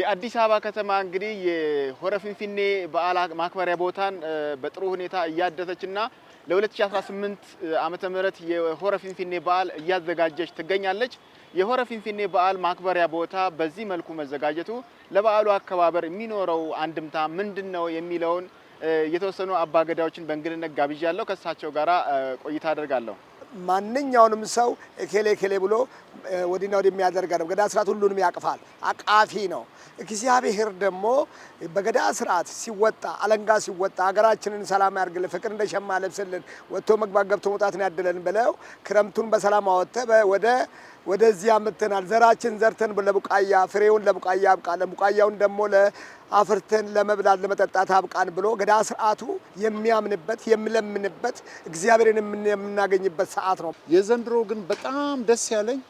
የአዲስ አበባ ከተማ እንግዲህ የሆረ ፊንፊኔ በዓል ማክበሪያ ቦታን በጥሩ ሁኔታ እያደሰችና ለ2018 ዓመተ ምህረት የሆረ ፊንፊኔ በዓል እያዘጋጀች ትገኛለች። የሆረ ፊንፊኔ በዓል ማክበሪያ ቦታ በዚህ መልኩ መዘጋጀቱ ለበዓሉ አከባበር የሚኖረው አንድምታ ምንድን ነው የሚለውን የተወሰኑ አባገዳዎችን በእንግድነት ጋብዣለሁ። ከእሳቸው ጋራ ቆይታ አደርጋለሁ። ማንኛውንም ሰው እኬሌ እኬሌ ብሎ ወዲና ወዲ የሚያደርግ ነው። ገዳ ስርዓት ሁሉንም ያቅፋል፣ አቃፊ ነው። እግዚአብሔር ደግሞ በገዳ ስርዓት ሲወጣ አለንጋ ሲወጣ ሀገራችንን ሰላም ያርግልን፣ ፍቅር እንደ ሸማ ለብስልን፣ ወጥቶ መግባት ገብቶ መውጣትን ያድለን ብለው ክረምቱን በሰላም አወጥተ ወደ ወደዚያ ምትናል ዘራችን ዘርተን ለቡቃያ ፍሬውን ለቡቃያ ያብቃለን ቡቃያውን ደግሞ አፍርተን ለመብላት ለመጠጣት አብቃን ብሎ ገዳ ስርዓቱ የሚያምንበት የምለምንበት እግዚአብሔርን የምናገኝበት ሰዓት ነው። የዘንድሮ ግን በጣም ደስ ያለኝ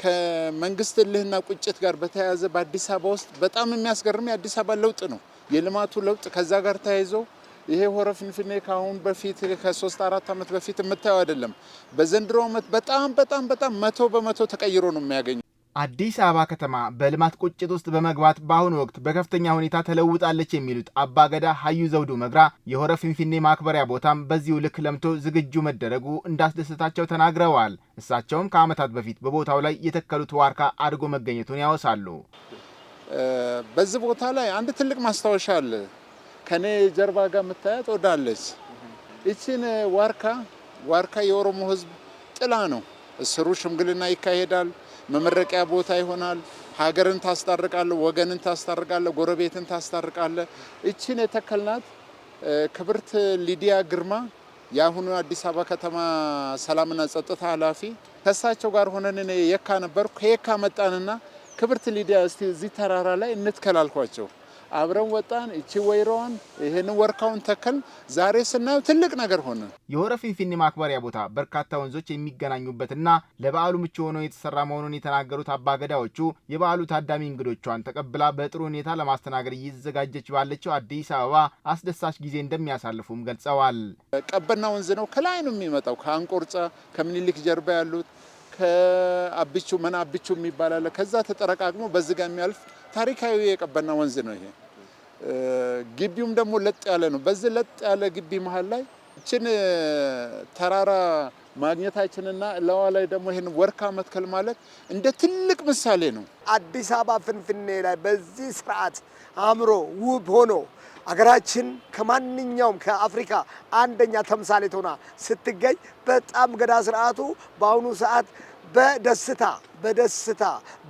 ከመንግስት እልህና ቁጭት ጋር በተያያዘ በአዲስ አበባ ውስጥ በጣም የሚያስገርም የአዲስ አበባ ለውጥ ነው። የልማቱ ለውጥ ከዛ ጋር ተያይዞ ይሄ ሆረ ፍንፍኔ ከአሁን በፊት ከሶስት አራት ዓመት በፊት የምታየው አይደለም። በዘንድሮ ዓመት በጣም በጣም በጣም መቶ በመቶ ተቀይሮ ነው የሚያገኘው። አዲስ አበባ ከተማ በልማት ቁጭት ውስጥ በመግባት በአሁኑ ወቅት በከፍተኛ ሁኔታ ተለውጣለች የሚሉት አባገዳ ሀዩ ዘውዱ መግራ የሆረ ፊንፊኔ ማክበሪያ ቦታም በዚሁ ልክ ለምቶ ዝግጁ መደረጉ እንዳስደሰታቸው ተናግረዋል። እሳቸውም ከዓመታት በፊት በቦታው ላይ የተከሉት ዋርካ አድጎ መገኘቱን ያወሳሉ። በዚህ ቦታ ላይ አንድ ትልቅ ማስታወሻ አለ። ከኔ ጀርባ ጋር የምታያት ወዳለች ይችን ዋርካ ዋርካ የኦሮሞ ሕዝብ ጥላ ነው። እስሩ ሽምግልና ይካሄዳል። መመረቂያ ቦታ ይሆናል። ሀገርን ታስታርቃለ፣ ወገንን ታስታርቃለ፣ ጎረቤትን ታስታርቃለ። እቺን የተከልናት ክብርት ሊዲያ ግርማ የአሁኑ አዲስ አበባ ከተማ ሰላምና ጸጥታ ኃላፊ ከእሳቸው ጋር ሆነን የካ ነበር ከየካ መጣንና ክብርት ሊዲያ እስቲ እዚህ ተራራ ላይ እንትከላልኳቸው አብረን ወጣን። እቺ ወይሮን ይህን ወርካውን ተከል ዛሬ ስናየው ትልቅ ነገር ሆነ። የሆረ ፊንፊኔ ማክበሪያ ቦታ በርካታ ወንዞች የሚገናኙበትና ለበዓሉ ምቹ ሆኖ የተሰራ መሆኑን የተናገሩት አባገዳዎቹ የበዓሉ ታዳሚ እንግዶቿን ተቀብላ በጥሩ ሁኔታ ለማስተናገድ እየተዘጋጀች ባለችው አዲስ አበባ አስደሳች ጊዜ እንደሚያሳልፉም ገልጸዋል። ቀበና ወንዝ ነው ከላይ ነው የሚመጣው ከአንቆርጫ ከምኒልክ ጀርባ ያሉት ከአብቹ መና አብቹ የሚባል አለ። ከዛ ተጠረቃቅሞ በዚህ ጋር የሚያልፍ ታሪካዊ የቀበና ወንዝ ነው ይሄ። ግቢውም ደግሞ ለጥ ያለ ነው። በዚህ ለጥ ያለ ግቢ መሀል ላይ እችን ተራራ ማግኘታችንና ለዋ ላይ ደግሞ ይህን ወርካ መትከል ማለት እንደ ትልቅ ምሳሌ ነው። አዲስ አበባ ፍንፍኔ ላይ በዚህ ስርዓት አምሮ ውብ ሆኖ አገራችን ከማንኛውም ከአፍሪካ አንደኛ ተምሳሌት ሆና ስትገኝ በጣም ገዳ ስርዓቱ በአሁኑ ሰዓት በደስታ በደስታ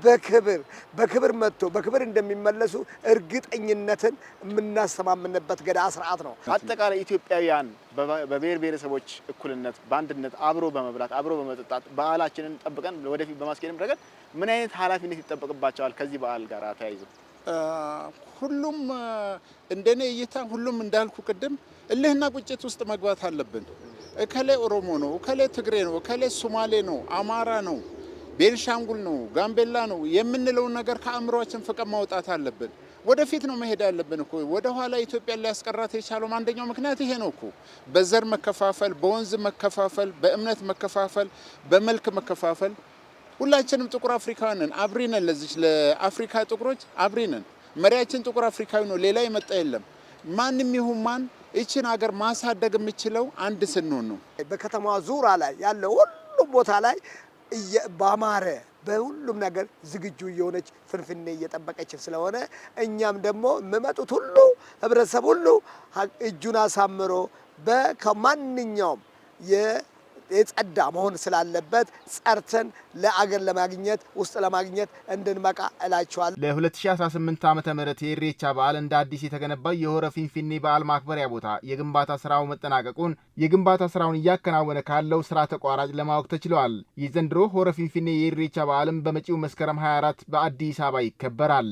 በክብር በክብር መጥቶ በክብር እንደሚመለሱ እርግጠኝነትን የምናስተማምንበት ገዳ ስርዓት ነው። አጠቃላይ ኢትዮጵያውያን በብሔር ብሔረሰቦች እኩልነት፣ በአንድነት አብሮ በመብላት አብሮ በመጠጣት በዓላችንን ጠብቀን ወደፊት በማስኬድም ረገድ ምን አይነት ኃላፊነት ይጠበቅባቸዋል? ከዚህ በዓል ጋር ተያይዞ ሁሉም እንደኔ እይታ ሁሉም እንዳልኩ ቅድም እልህና ቁጭት ውስጥ መግባት አለብን እከሌ ኦሮሞ ነው፣ እከሌ ትግሬ ነው፣ እከሌ ሶማሌ ነው፣ አማራ ነው፣ ቤንሻንጉል ነው፣ ጋምቤላ ነው የምንለውን ነገር ከአእምሯችን ፍቅም ማውጣት አለብን። ወደፊት ነው መሄድ ያለብን እኮ። ወደኋላ ኢትዮጵያን ሊያስቀራት የቻለውም አንደኛው ምክንያት ይሄ ነው እኮ። በዘር መከፋፈል፣ በወንዝ መከፋፈል፣ በእምነት መከፋፈል፣ በመልክ መከፋፈል። ሁላችንም ጥቁር አፍሪካውያን ነን፣ ለዚች ለአፍሪካ ጥቁሮች አብሪነን። መሪያችን ጥቁር አፍሪካዊ ነው። ሌላ የመጣ የለም። ማንም ይሁን ማን ይችን ሀገር ማሳደግ የምችለው አንድ ስንሆን ነው። በከተማዋ ዙራ ላይ ያለው ሁሉም ቦታ ላይ ባማረ በሁሉም ነገር ዝግጁ እየሆነች ፍንፍኔ እየጠበቀች ስለሆነ እኛም ደግሞ የሚመጡት ሁሉ ህብረተሰብ ሁሉ እጁን አሳምሮ በከማንኛውም የጸዳ መሆን ስላለበት ጸርተን ለአገር ለማግኘት ውስጥ ለማግኘት እንድንመቃ እላቸዋል ለ ለ2018 ዓ ም የኢሬቻ በዓል እንደ አዲስ የተገነባው የሆረ ፊንፊኔ በዓል ማክበሪያ ቦታ የግንባታ ስራው መጠናቀቁን የግንባታ ስራውን እያከናወነ ካለው ስራ ተቋራጭ ለማወቅ ተችሏል። የዘንድሮ ሆረ ፊንፊኔ የኢሬቻ በዓልም በመጪው መስከረም 24 በአዲስ አበባ ይከበራል።